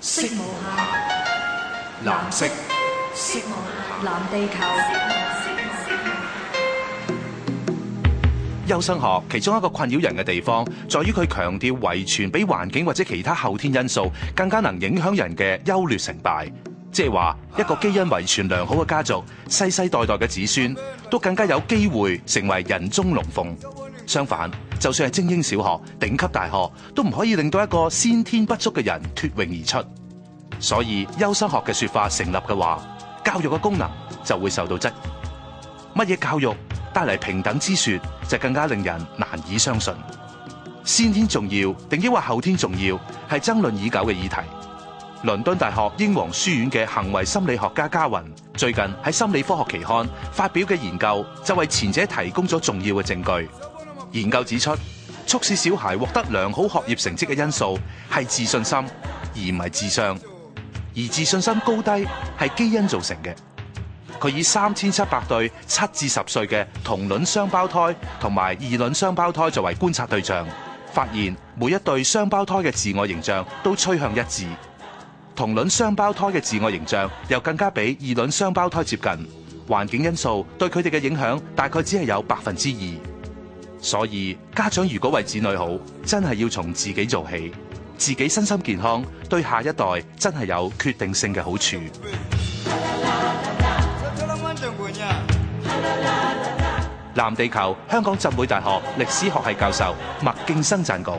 色無下藍色。色無下藍地球。優生學其中一個困擾人嘅地方，在於佢強調遺傳比環境或者其他後天因素更加能影響人嘅優劣成敗。即係話，一個基因遺傳良好嘅家族，世世代代嘅子孫都更加有機會成為人中龍鳳。相反，就算係精英小學、頂級大學，都唔可以令到一個先天不足嘅人脫穎而出。所以，優生學嘅說法成立嘅話，教育嘅功能就會受到質疑。乜嘢教育帶嚟平等之說，就更加令人難以相信。先天重要定抑或後天重要，係爭論已久嘅議題。倫敦大學英皇書院嘅行為心理學家嘉雲最近喺《心理科學期刊》發表嘅研究，就為前者提供咗重要嘅證據。研究指出，促使小孩獲得良好學業成績嘅因素係自信心，而唔係智商。而自信心高低係基因造成嘅。佢以三千七百對七至十歲嘅同卵雙胞胎同埋異卵雙胞胎作為觀察對象，發現每一對雙胞胎嘅自我形象都趨向一致。同卵雙胞胎嘅自我形象又更加比異卵雙胞胎接近。環境因素對佢哋嘅影響大概只係有百分之二。所以，家長如果為子女好，真係要從自己做起，自己身心健康，對下一代真係有決定性嘅好處。藍地球香港浸會大學歷史學系教授麥勁生撰稿。